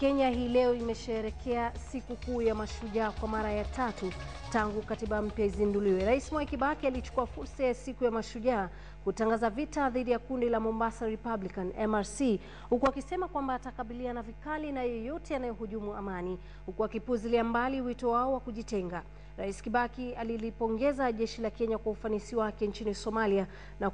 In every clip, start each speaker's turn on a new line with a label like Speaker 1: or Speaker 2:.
Speaker 1: Kenya hii leo siku kuu ya mashujaa kwa mara ya tatu tangu katiba mpya izinduliwe. Rais Mwai Kibaki alichukua fursa ya siku ya mashujaa kutangaza vita dhidi ya kundi la Mombasa Republican MRC, huku akisema kwamba atakabiliana vikali na yeyote anayehujumu amani, huku akipuzilia mbali wito wao wa kujitenga. Rais Kibaki alilipongeza jeshi la Kenya kwa ufanisi wake nchini Somalia na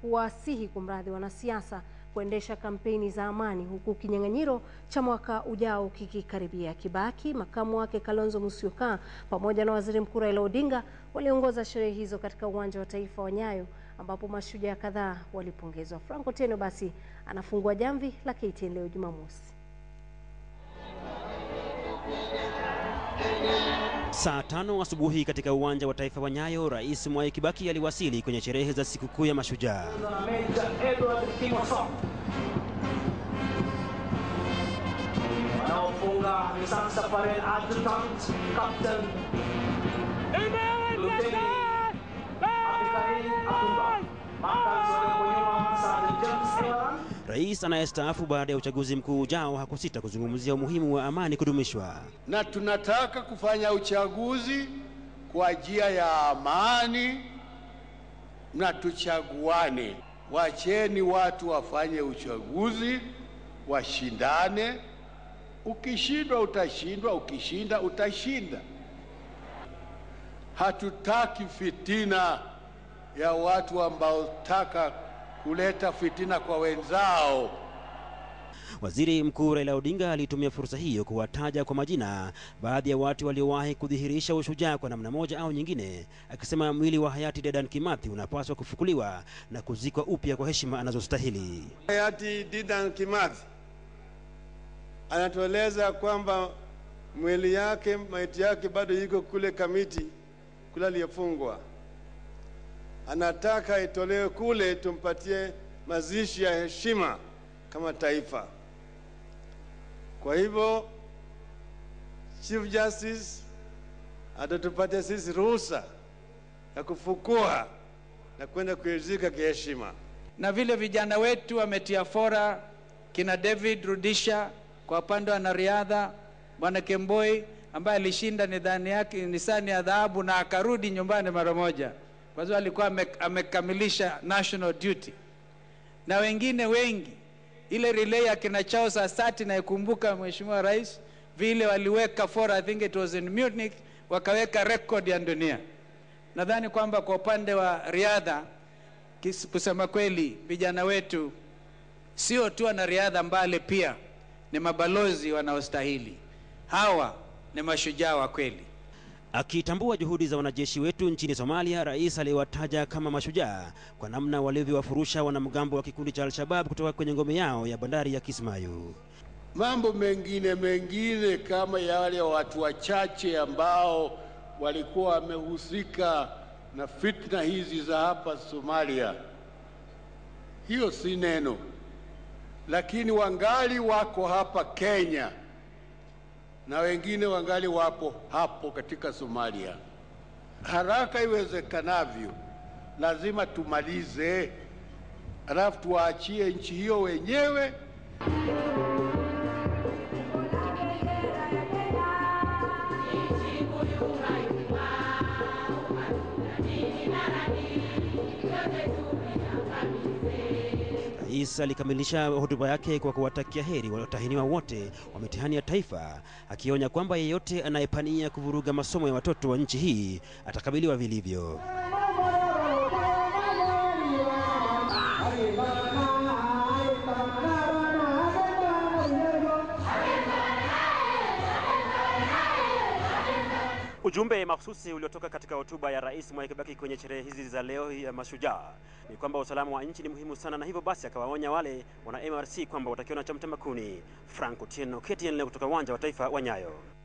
Speaker 1: kuwasihi kumradhi, wanasiasa kuendesha kampeni za amani huku kinyang'anyiro cha mwaka ujao kikikaribia. Kibaki, makamu wake Kalonzo Musyoka pamoja na Waziri Mkuu Raila Odinga waliongoza sherehe hizo katika uwanja wa taifa wa Nyayo ambapo mashujaa kadhaa walipongezwa. Franco Teno basi anafungua jamvi la KTN leo Jumamosi.
Speaker 2: Saa tano asubuhi katika uwanja wa taifa wa Nyayo, Rais Mwai Kibaki aliwasili kwenye sherehe za sikukuu ya Mashujaa. Rais anayestaafu baada ya uchaguzi mkuu ujao hakusita kuzungumzia umuhimu wa amani kudumishwa.
Speaker 3: Na tunataka kufanya uchaguzi kwa njia ya amani na tuchaguane. Wacheni watu wafanye uchaguzi, washindane. Ukishindwa utashindwa, ukishinda utashinda. Hatutaki fitina ya watu ambao taka kuleta fitina kwa wenzao.
Speaker 2: Waziri Mkuu Raila Odinga alitumia fursa hiyo kuwataja kwa majina baadhi ya watu waliowahi kudhihirisha ushujaa kwa namna moja au nyingine, akisema mwili wa hayati Dedan Kimathi unapaswa kufukuliwa na kuzikwa upya kwa heshima anazostahili.
Speaker 3: Hayati Dedan Kimathi anatueleza kwamba mwili yake, maiti yake bado iko kule Kamiti kule aliyofungwa anataka itolewe kule, tumpatie mazishi ya heshima kama taifa. Kwa hivyo Chief Justice atatupatia sisi ruhusa ya kufukua na kwenda kuizika kiheshima.
Speaker 4: Na vile vijana wetu wametia fora, kina David Rudisha kwa upande wa wanariadha, bwana Kemboi ambaye alishinda nidhani yake nisani ya dhahabu na akarudi nyumbani mara moja kwa sababu alikuwa amekamilisha national duty, na wengine wengi. Ile relay ya kina chao saa sati, naikumbuka Mheshimiwa Rais vile waliweka for I think it was in Munich, wakaweka record ya dunia. Nadhani kwamba kwa upande wa riadha, kusema kweli, vijana wetu sio tu wana riadha mbali, pia ni mabalozi wanaostahili. Hawa ni mashujaa wa kweli.
Speaker 2: Akitambua juhudi za wanajeshi wetu nchini Somalia, rais aliwataja kama mashujaa kwa namna walivyowafurusha wanamgambo wa kikundi cha al shabab kutoka kwenye ngome yao ya bandari ya Kismayu.
Speaker 3: Mambo mengine mengine kama yale watu wachache ambao walikuwa wamehusika na fitna hizi za hapa Somalia, hiyo si neno, lakini wangali wako hapa Kenya na wengine wangali wapo hapo katika Somalia. Haraka iwezekanavyo, lazima tumalize, alafu tuwaachie nchi hiyo wenyewe.
Speaker 2: Rais alikamilisha hotuba yake kwa kuwatakia heri watahiniwa wote wa mitihani ya taifa, akionya kwamba yeyote anayepania kuvuruga masomo ya watoto wa nchi hii atakabiliwa vilivyo. Ujumbe mahususi uliotoka katika hotuba ya Rais Mwai Kibaki kwenye sherehe hizi za leo ya mashujaa ni kwamba usalama wa nchi ni muhimu sana, na hivyo basi akawaonya wale wana MRC kwamba watakiona cha mtema kuni. Frank KTN leo kutoka uwanja wa taifa wa Nyayo.